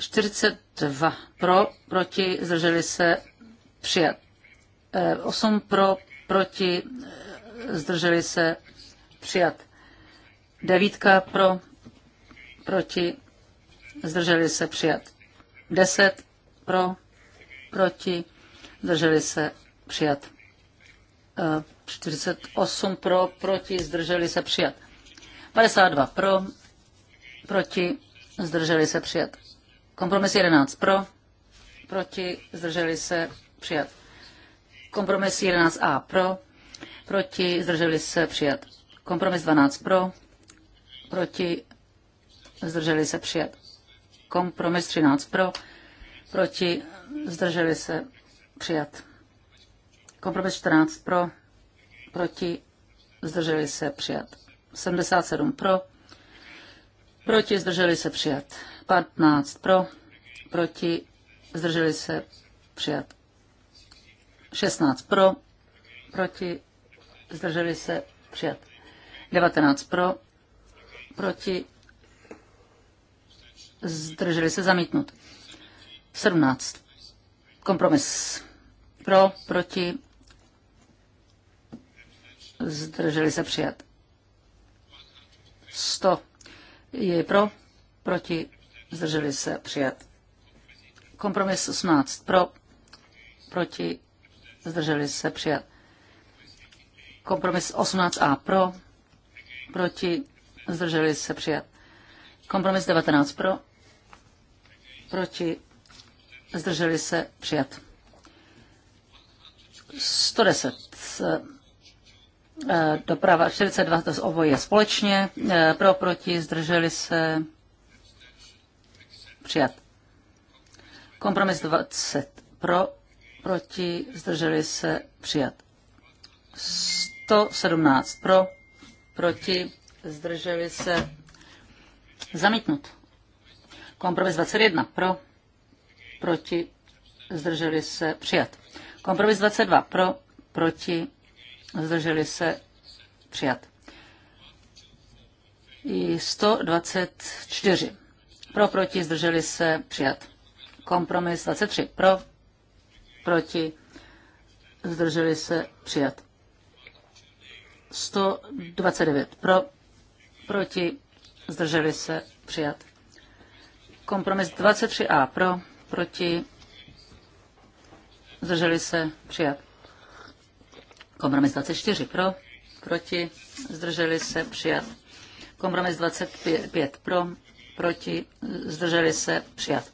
42 pro, proti, zdrželi se, přijat. 8 eh, pro, proti, zdrželi se, přijat. 9 pro, proti, zdrželi se, přijat. 10 pro, proti, zdrželi se, přijat. Eh, 48 pro, proti, zdrželi se přijat. 52 pro, proti, zdrželi se přijat. Kompromis 11 pro, proti, zdrželi se přijat. Kompromis 11a pro, proti, zdrželi se přijat. Kompromis 12 pro, proti, zdrželi se přijat. Kompromis 13 pro, proti, zdrželi se přijat. Kompromis 14 pro, proti, zdrželi se přijat. 77 pro, proti, zdrželi se přijat. 15 pro, proti, zdrželi se přijat. 16 pro, proti, zdrželi se přijat. 19 pro, proti, zdrželi se zamítnut. 17. Kompromis. Pro, proti, zdrželi se přijat. 100 je pro, proti, zdrželi se přijat. Kompromis 18 pro, proti, zdrželi se přijat. Kompromis 18a pro, proti, zdrželi se přijat. Kompromis 19 pro, proti, zdrželi se přijat. 110 Eh, doprava 42, to oboje společně, eh, pro, proti, zdrželi se, přijat. Kompromis 20, pro, proti, zdrželi se, přijat. 117, pro, proti, zdrželi se, zamítnut. Kompromis 21, pro, proti, zdrželi se, přijat. Kompromis 22, pro, proti, zdrželi se, přijat. I 124. Pro, proti, zdrželi se, přijat. Kompromis 23. Pro, proti, zdrželi se, přijat. 129. Pro, proti, zdrželi se, přijat. Kompromis 23a. Pro, proti, zdrželi se, přijat. Kompromis 24 pro, proti, zdrželi se, přijat. Kompromis 25 pro, proti, zdrželi se, přijat.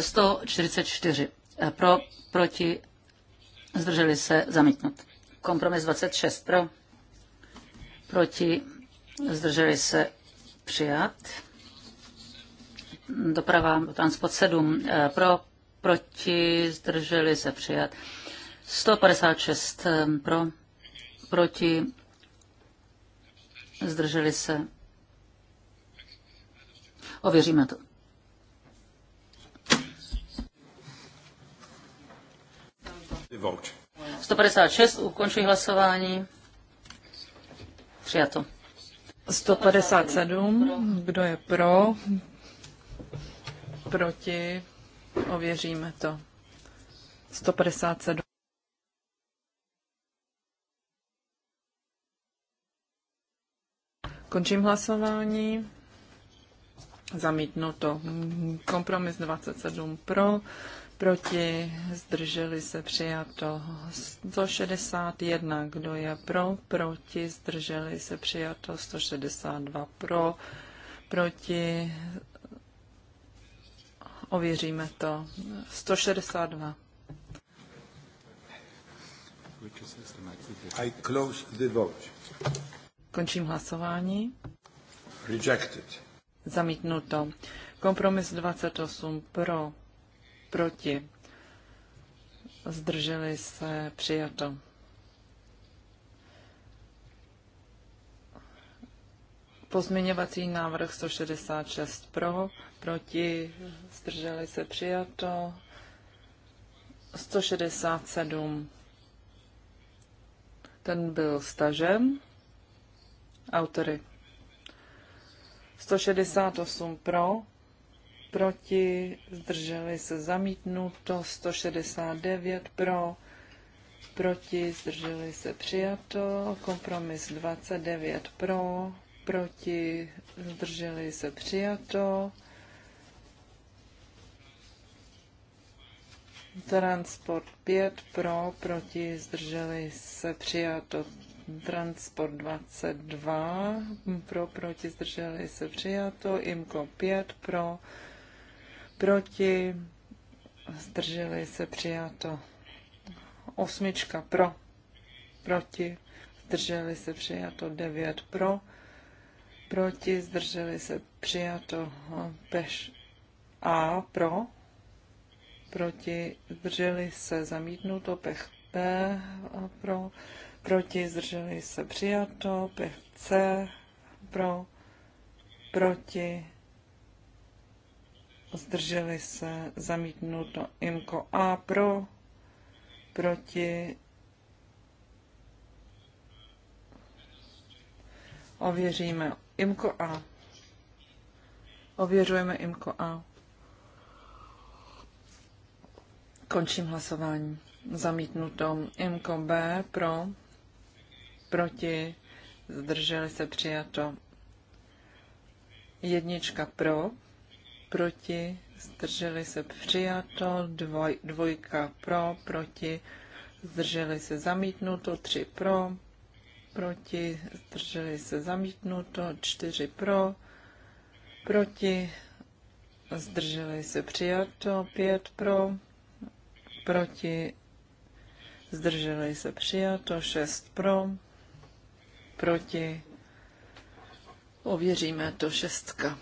144 pro, proti, zdrželi se, zamítnut. Kompromis 26 pro, proti, zdrželi se, přijat. Doprava, transport 7 pro, proti, zdrželi se, přijat. 156 pro, proti, zdrželi se. Ověříme to. Vote. 156, ukončuji hlasování. Přijato. 157, kdo je pro? Proti? Ověříme to. 157. Končím hlasování. Zamítnuto. Kompromis 27 pro, proti, zdrželi se přijato 161, kdo je pro, proti, zdrželi se přijato 162 pro, proti, ověříme to, 162. I close the vote. Končím hlasování. Rejected. Zamítnuto. Kompromis 28 pro, proti. Zdrželi se přijato. Pozměňovací návrh 166 pro, proti, zdrželi se přijato. 167. Ten byl stažen autory. 168 pro, proti, zdrželi se zamítnuto, 169 pro, proti, zdrželi se přijato, kompromis 29 pro, proti, zdrželi se přijato, transport 5 pro, proti, zdrželi se přijato, Transport 22 pro, proti, zdrželi se přijato. Imko 5 pro, proti, zdrželi se přijato. Osmička pro, proti, zdrželi se přijato. 9 pro, proti, zdrželi se přijato. Peš A pro, proti, zdrželi se zamítnuto. Pech B pro, proti, zdrželi se přijato, c pro, proti, zdrželi se, zamítnuto IMKO A pro, proti, ověříme IMKO A. Ověřujeme IMKO A. Končím hlasování. Zamítnuto IMKO B pro, proti, zdrželi se přijato. Jednička pro, proti, zdrželi se přijato, dvoj, dvojka pro, proti, zdrželi se zamítnuto, tři pro, proti, zdrželi se zamítnuto, čtyři pro, proti, zdrželi se přijato, pět pro, proti, zdrželi se přijato, šest pro, proti, ověříme to šestka.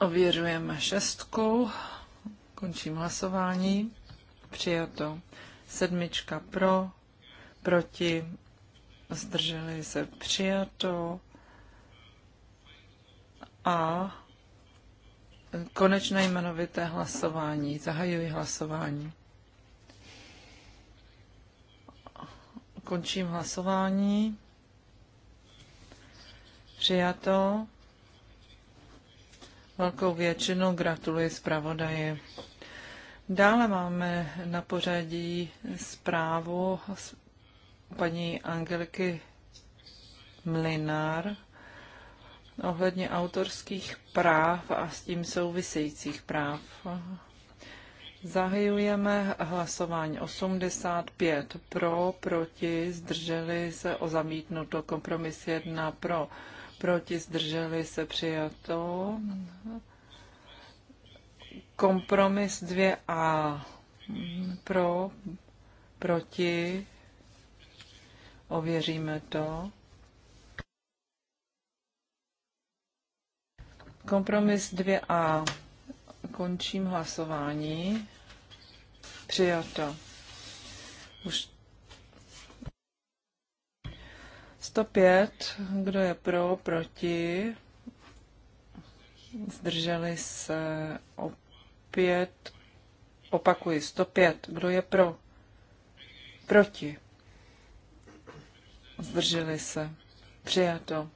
Ověřujeme šestku, končím hlasování, přijato sedmička pro, proti, zdrželi se přijato a konečné jmenovité hlasování. Zahajuji hlasování. Končím hlasování. Přijato. Velkou většinou gratuluji zpravodaji. Dále máme na pořadí zprávu paní Angeliky Mlinár ohledně autorských práv a s tím souvisejících práv. Zahajujeme hlasování 85 pro, proti, zdrželi se o zamítnuto, kompromis 1 pro, proti, zdrželi se přijato, kompromis 2a pro, proti, ověříme to. Kompromis 2a. Končím hlasování. Přijato. Už 105. Kdo je pro, proti? Zdrželi se opět. Opakuji. 105. Kdo je pro? Proti. Zdrželi se. Přijato.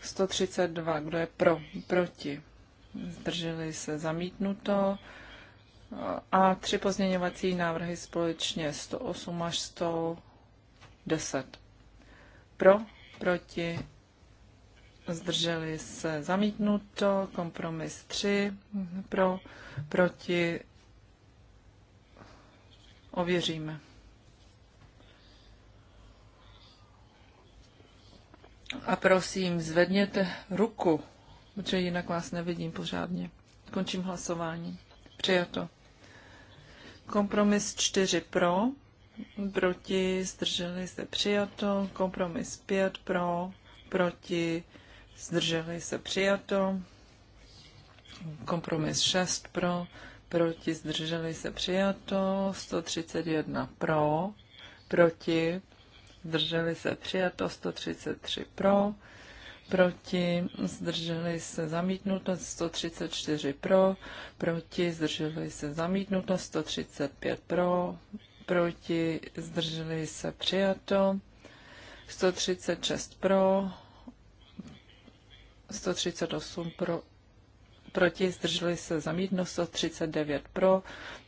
132. Kdo je pro? Proti. Zdrželi se. Zamítnuto a tři pozměňovací návrhy společně 108 až 110. Pro, proti, zdrželi se zamítnuto, kompromis 3, pro, proti, ověříme. A prosím, zvedněte ruku, protože jinak vás nevidím pořádně. Končím hlasování. Přijato. Kompromis 4 pro, proti, zdrželi se přijato. Kompromis 5 pro, proti, zdrželi se přijato. Kompromis 6 pro, proti, zdrželi se přijato. 131 pro, proti, zdrželi se přijato. 133 pro, proti, zdrželi se zamítnuto 134 pro, proti, zdrželi se zamítnuto 135 pro, proti, zdrželi se přijato 136 pro, 138 pro, proti, zdrželi se zamítnuto 139 pro,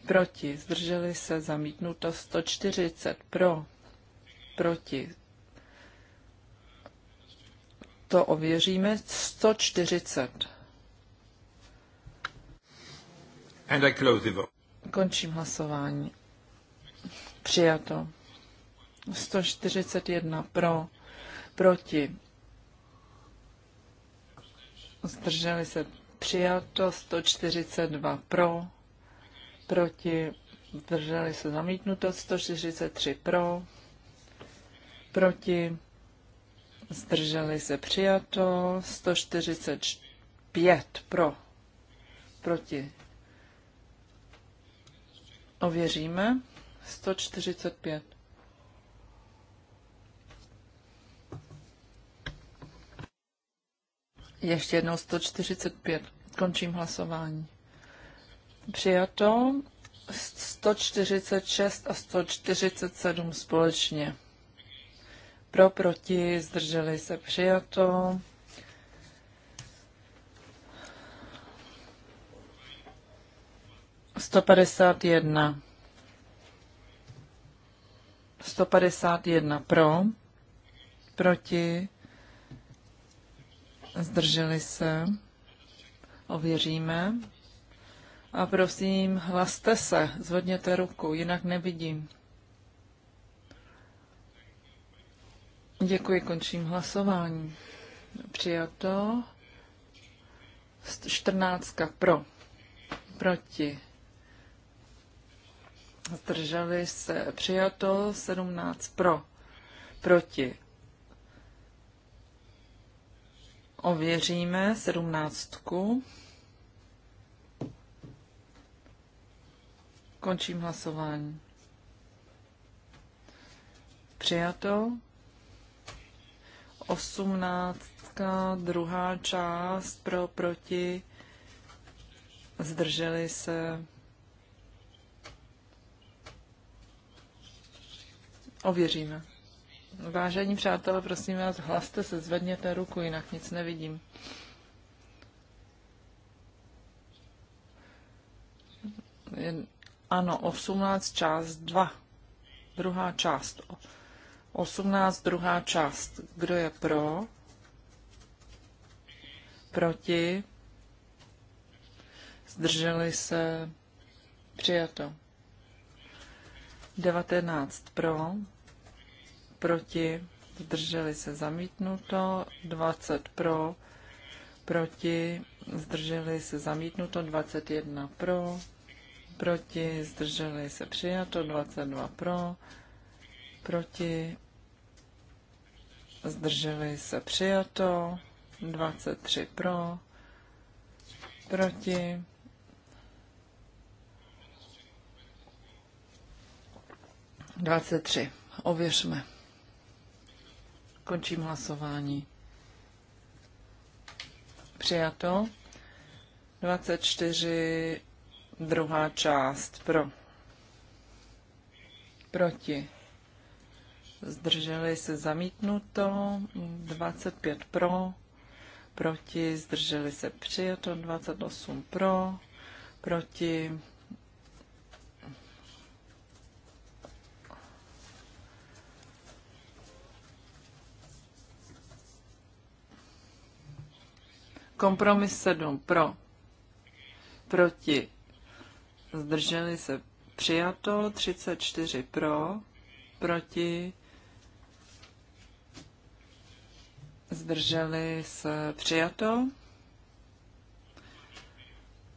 proti, zdrželi se zamítnuto 140 pro, proti, to ověříme. 140. And I close the vote. Končím hlasování. Přijato. 141 pro, proti. Zdrželi se přijato, 142 pro, proti, zdrželi se zamítnuto, 143 pro, proti, zdrželi se přijato, 145 pro, proti. Ověříme, 145. Ještě jednou 145. Končím hlasování. Přijato 146 a 147 společně. Pro, proti, zdrželi se přijato. Sto padesát jedna. Sto padesát jedna pro, proti, zdrželi se, ověříme. A prosím, hlaste se, zvedněte ruku, jinak nevidím. Děkuji, končím hlasování. Přijato. 14 pro. Proti. Zdrželi se. Přijato. 17 pro. Proti. Ověříme sedmnáctku. Končím hlasování. Přijato. 18, druhá část pro, proti, zdrželi se. Ověříme. Vážení přátelé, prosím vás, hlaste se, zvedněte ruku, jinak nic nevidím. Ano, 18 část 2. Druhá část. 18, druhá část. Kdo je pro? Proti? Zdrželi se? Přijato. 19 pro, proti, zdrželi se zamítnuto, 20 pro, proti, zdrželi se zamítnuto, 21 pro, proti, zdrželi se přijato, 22 pro, proti, zdrželi se přijato, 23 pro, proti, Dvacet tři. Ověřme. Končím hlasování. Přijato. 24. Druhá část. Pro. Proti zdrželi se zamítnuto, 25 pro, proti, zdrželi se přijato, 28 pro, proti, Kompromis 7 pro, proti, zdrželi se přijato, 34 pro, proti, zdrželi se přijato.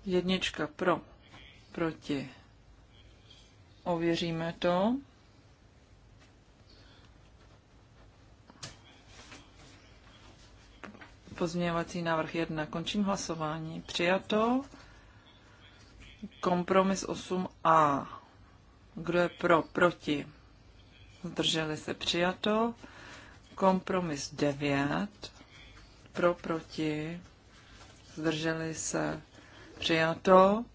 Jednička pro, proti. Ověříme to. Pozměňovací návrh 1. Končím hlasování. Přijato. Kompromis 8a. Kdo je pro, proti? Zdrželi se přijato. Kompromis 9. Pro, proti. Zdrželi se. Přijato.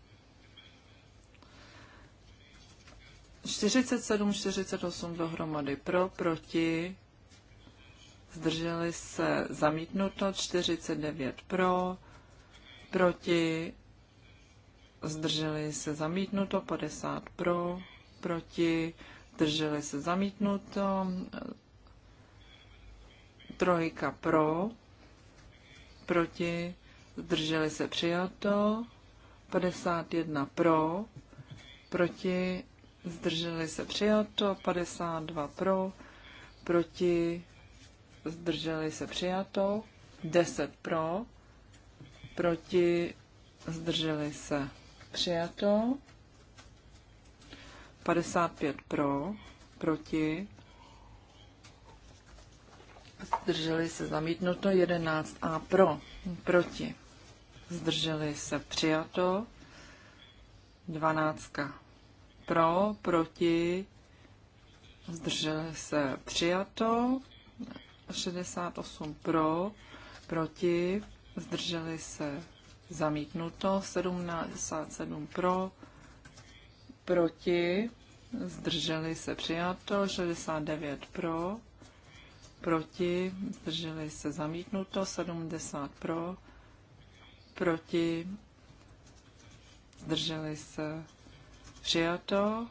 47, 48 dohromady pro, proti, zdrželi se zamítnuto, 49 pro, proti, zdrželi se zamítnuto, 50 pro, proti, zdrželi se zamítnuto, Trojka pro, proti, zdrželi se přijato. 51 pro, proti, zdrželi se přijato. 52 pro, proti, zdrželi se přijato. 10 pro, proti, zdrželi se přijato. 55 pro, proti, zdrželi se zamítnuto, 11 a pro, proti, zdrželi se přijato, 12 pro, proti, zdrželi se přijato, 68 pro, proti, zdrželi se zamítnuto, 77 pro, proti, zdrželi se přijato, 69 pro, proti, zdrželi se zamítnuto, 70 pro, proti, zdrželi se přijato,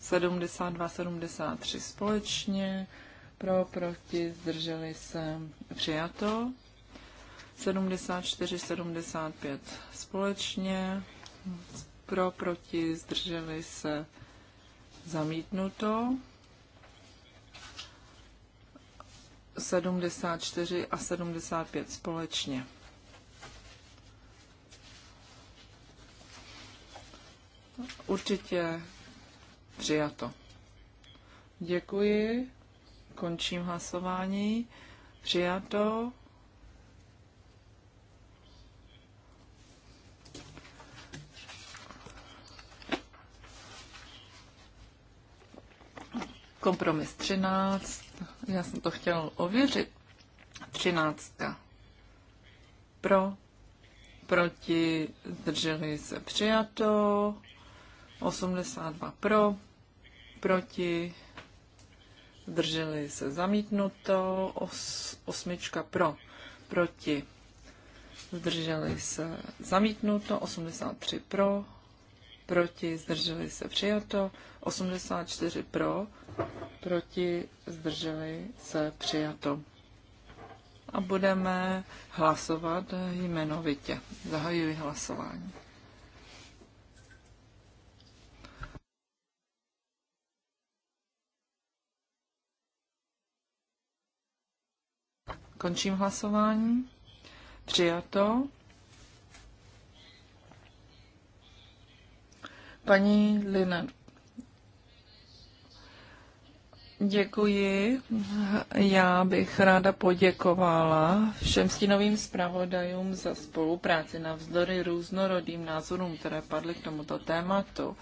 72, 73 společně, pro, proti, zdrželi se přijato, 74, 75 společně, pro, proti, zdrželi se zamítnuto, 74 a 75 společně. Určitě přijato. Děkuji. Končím hlasování. Přijato. Kompromis 13 já jsem to chtěl ověřit. Třináctka. Pro, proti, zdrželi se přijato. 82 pro, proti, zdrželi se zamítnuto. Os, osmička pro, proti, zdrželi se zamítnuto. 83 pro, proti, zdrželi se přijato, 84 pro, proti, zdrželi se přijato. A budeme hlasovat jmenovitě. Zahajuji hlasování. Končím hlasování. Přijato. Paní Lina. Děkuji. Já bych ráda poděkovala všem stínovým zpravodajům za spolupráci na vzdory různorodým názorům, které padly k tomuto tématu.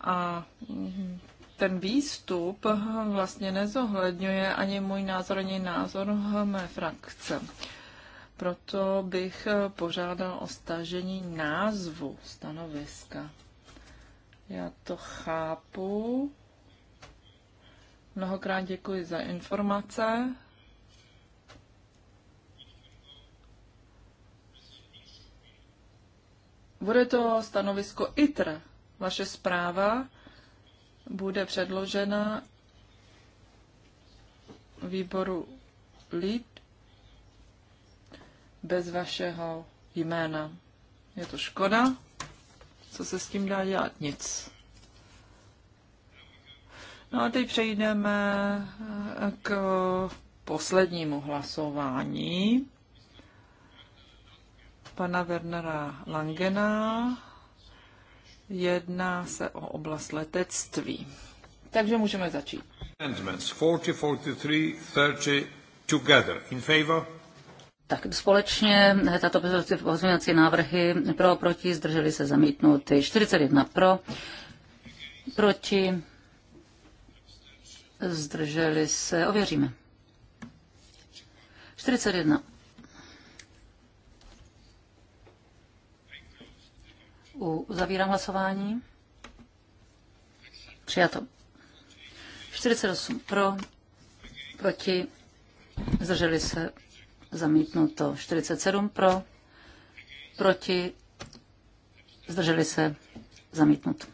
A ten výstup vlastně nezohledňuje ani můj názor, ani názor mé frakce. Proto bych požádal o stažení názvu stanoviska. Já to chápu. Mnohokrát děkuji za informace. Bude to stanovisko ITR. Vaše zpráva bude předložena výboru LID bez vašeho jména. Je to škoda. Co se s tím dá dělat? Nic. No a teď přejdeme eh, k poslednímu hlasování pana Wernera Langena. Jedná se o oblast letectví. Takže můžeme začít. Amendments 40, 43, 30 together. In favor? tak společně eh, tato pozměňovací návrhy pro, proti, zdrželi se zamítnuty. 41 pro, proti, zdrželi se, ověříme. 41. U, zavírám hlasování. Přijato. 48 pro, proti, zdrželi se zamítnuto 47 pro, proti, zdrželi se, zamítnut.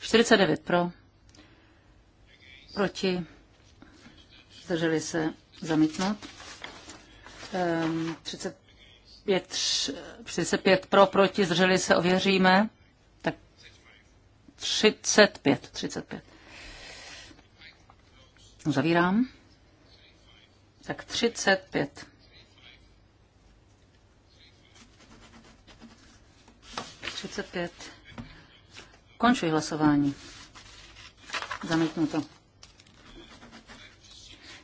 49 pro, proti, zdrželi se, zamítnut. 35, ehm, 35 pro, proti, zdrželi se, ověříme. Tak 35, 35. Zavírám. Tak 35. 35. Končuji hlasování. Zamítnuto.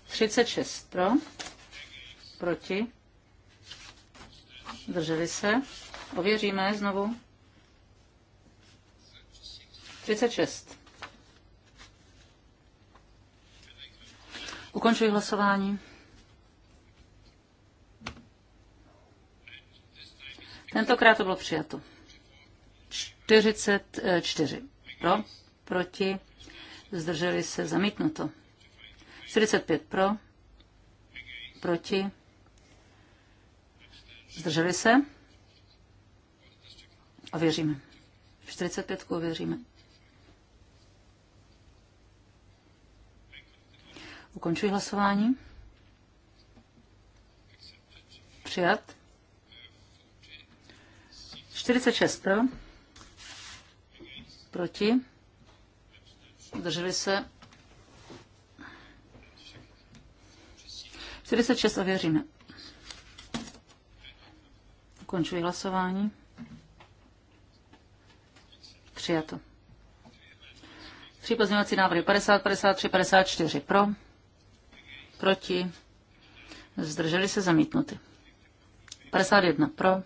36 pro, proti, drželi se. Ověříme znovu. 36. Ukončuji hlasování. Tentokrát to bylo přijato. 44 pro, proti, zdrželi se, zamítnuto. 45 pro, proti, zdrželi se. Ověříme. 45 ověříme. Ukončuji hlasování. Přijat. 46 pro. Proti? Zdrželi se? 46 věříme. Ukončuji hlasování. Přijato. Tři pozměňovací návrhy 50, 53, 54 pro, proti, zdrželi se zamítnuty. 51 pro,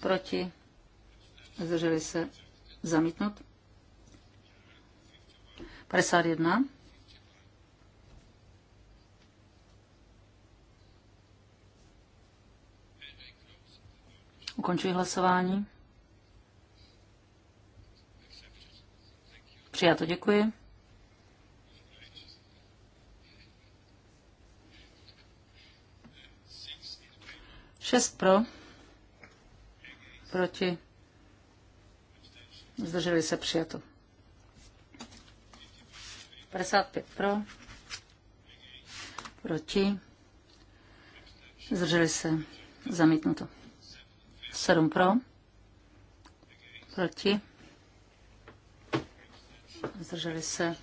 proti, zdrželi se Zamítnut. 51. Ukončuji hlasování. Přijato, děkuji. Šest pro, proti Zdrželi se přijato. 55 pro. Proti. Zdrželi se. Zamítnuto. 7 pro. Proti. Zdrželi se.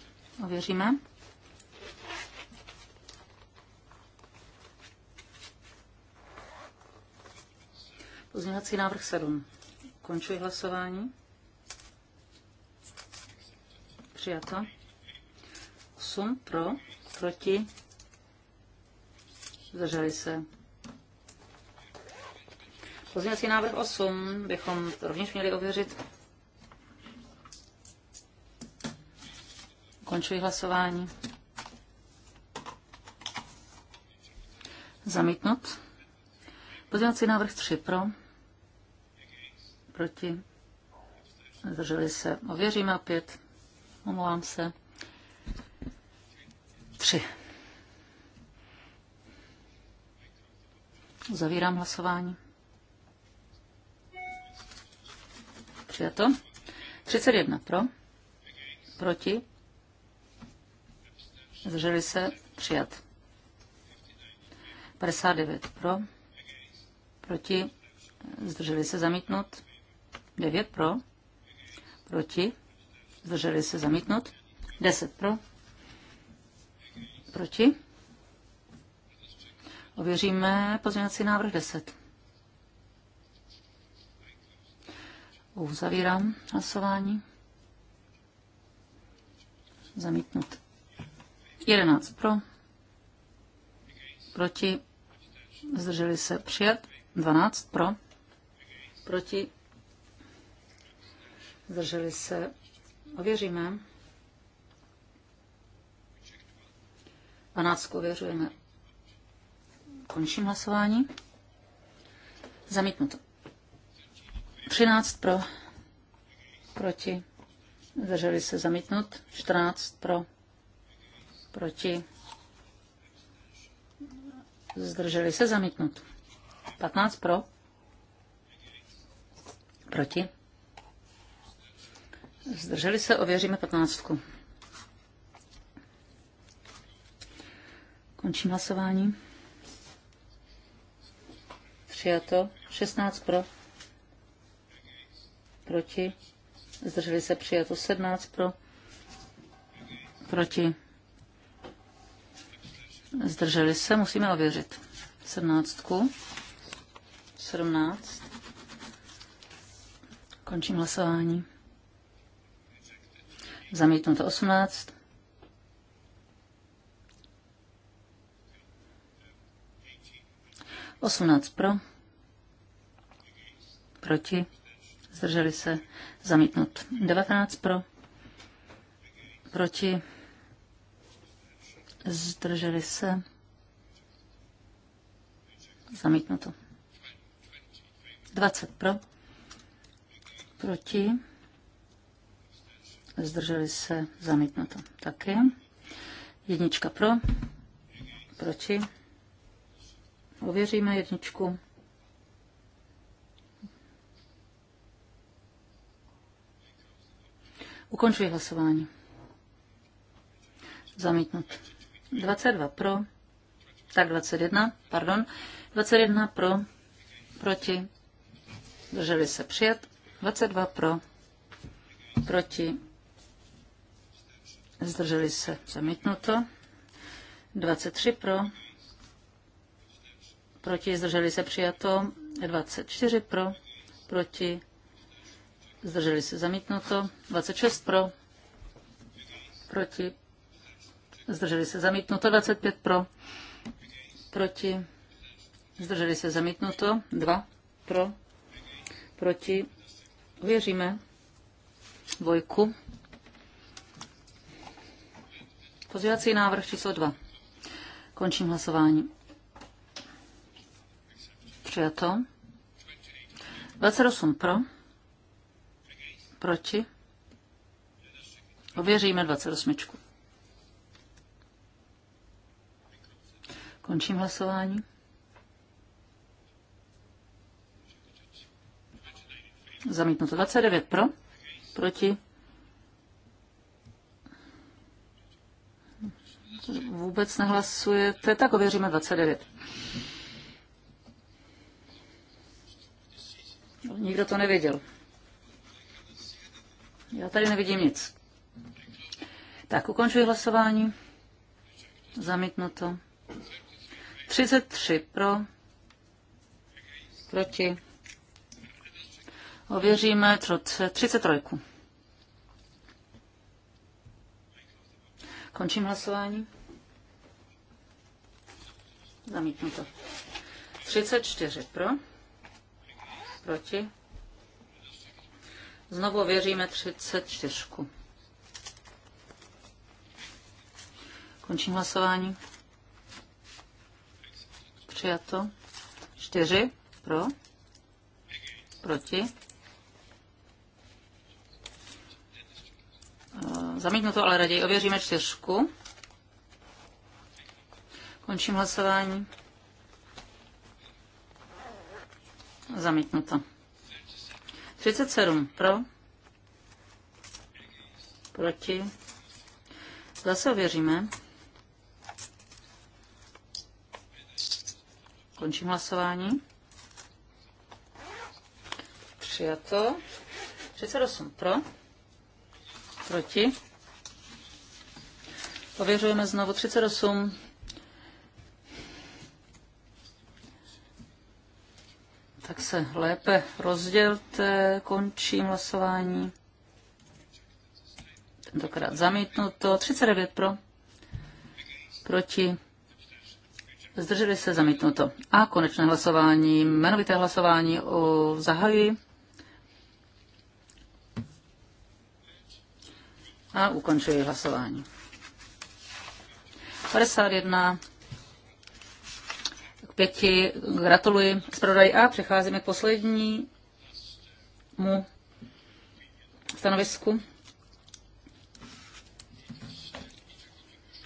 Ověříme. Pozměňovací návrh 7. Končuji hlasování. Přijato. 8 pro, proti, zdrželi se. Pozměňovací návrh 8 bychom rovněž měli ověřit. Končuji hlasování. Zamítnut. Pozměňovací návrh 3 pro. Proti. Zdrželi se. Ověříme opět omlouvám se. Tři. Zavírám hlasování. Přijato. 31 pro. Proti. Zdrželi se. Přijat. 59 pro. Proti. Zdrželi se zamítnout. 9 pro. Proti zdrželi se zamítnout. 10 pro, proti. Ověříme pozměňovací návrh 10. Uzavírám hlasování. Zamítnut. 11 pro, proti, zdrželi se přijat, 12 pro, proti, zdrželi se Ověříme. Panácku ověřujeme. Končím hlasování. Zamítnuto. 13 pro, proti, zdrželi se zamítnut, 14 pro, proti, zdrželi se zamítnut, 15 pro, proti, Zdrželi se, ověříme patnáctku. Končím hlasování. Přijato. 16 pro. Proti. Zdrželi se přijato. 17 pro. Proti. Zdrželi se. Musíme ověřit. 17. 17. Končím hlasování. Zamítnuto 18. Osmnáct pro. Proti. Zdrželi se. Zamítnut. Devatenáct pro. Proti. Zdrželi se. Zamítnuto. Dvacet pro. Proti zdrželi se, zamítnuto také Jednička pro, proti. Ověříme jedničku. Ukončuji hlasování. Zamítnut. 22 pro, tak 21, pardon, 21 pro, proti, drželi se přijat, 22 pro, proti, zdrželi se zamítnuto, 23 pro, proti zdrželi se přijato, 24 pro, proti zdrželi se zamítnuto, 26 pro, proti zdrželi se zamítnuto, 25 pro, proti zdrželi se zamítnuto, 2 pro, proti věříme dvojku. Pozvědací návrh číslo 2. Končím hlasování. Přijato. 28 pro. Proti. Ověříme 28. Končím hlasování. Zamítnuto 29 pro, proti vůbec nehlasujete, tak ověříme 29. Nikdo to nevěděl. Já tady nevidím nic. Tak, ukončuji hlasování. Zamítnuto. 33 pro. Proti. Ověříme 33. Končím hlasování. Zamítnuto. 34 pro. Proti. Znovu věříme 34. Končím hlasování. Přijato. 4 pro. Proti. Zamítnuto, ale raději ověříme čtyřku. Končím hlasování. Zamítnuto. 37 pro. Proti. Zase ověříme. Končím hlasování. Přijato. 38 pro. Proti. Ověřujeme znovu 38. Tak se lépe rozdělte, končím hlasování. Tentokrát zamítnuto. 39 pro, proti, zdrželi se zamítnuto. A konečné hlasování, jmenovité hlasování o zahají. A ukončuji hlasování. 51 k 5. Gratuluji zpravodaji a přecházíme k poslednímu stanovisku.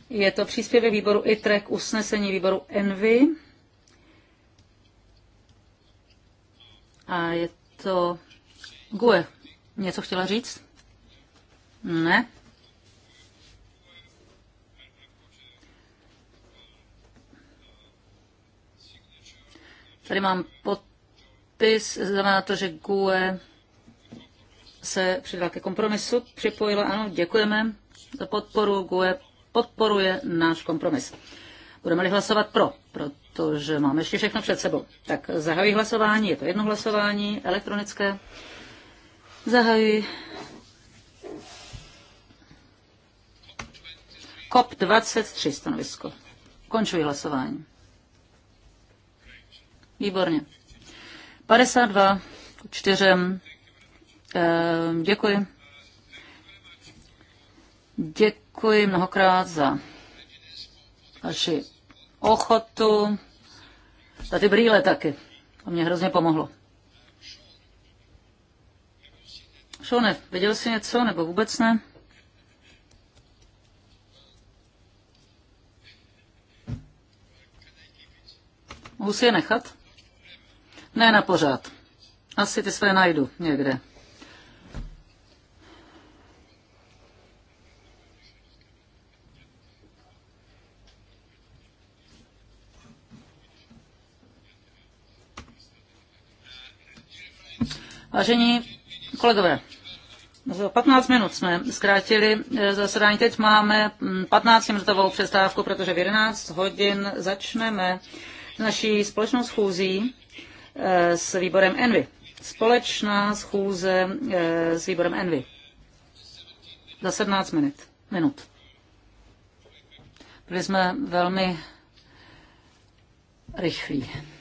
Je to příspěvek výboru ITRE k usnesení výboru ENVY. A je to... Gue, něco chtěla říct? Ne? Tady mám podpis, znamená to, že GUE se přidala ke kompromisu, připojila, ano, děkujeme za podporu, GUE podporuje náš kompromis. Budeme-li hlasovat pro, protože máme ještě všechno před sebou. Tak zahajuji hlasování, je to jedno hlasování, elektronické. Zahajuji COP23 stanovisko. Končuji hlasování. Výborně. 52 čtyřem. 4. Eh, děkuji. Děkuji mnohokrát za vaši ochotu, za ty brýle taky. To mě hrozně pomohlo. Šone, viděl jsi něco nebo vůbec ne? Mohu si je nechat? Ne na pořád. Asi ty své najdu někde. Vážení kolegové, za 15 minut jsme zkrátili eh, zasedání. Teď máme 15-minutovou mm, přestávku, protože v 11 hodin začneme naší společnou schůzí Eh, s výborem Envy. Společná schůze eh, s výborem Envy. Za 17 minut. minut. Byli jsme velmi rychlí.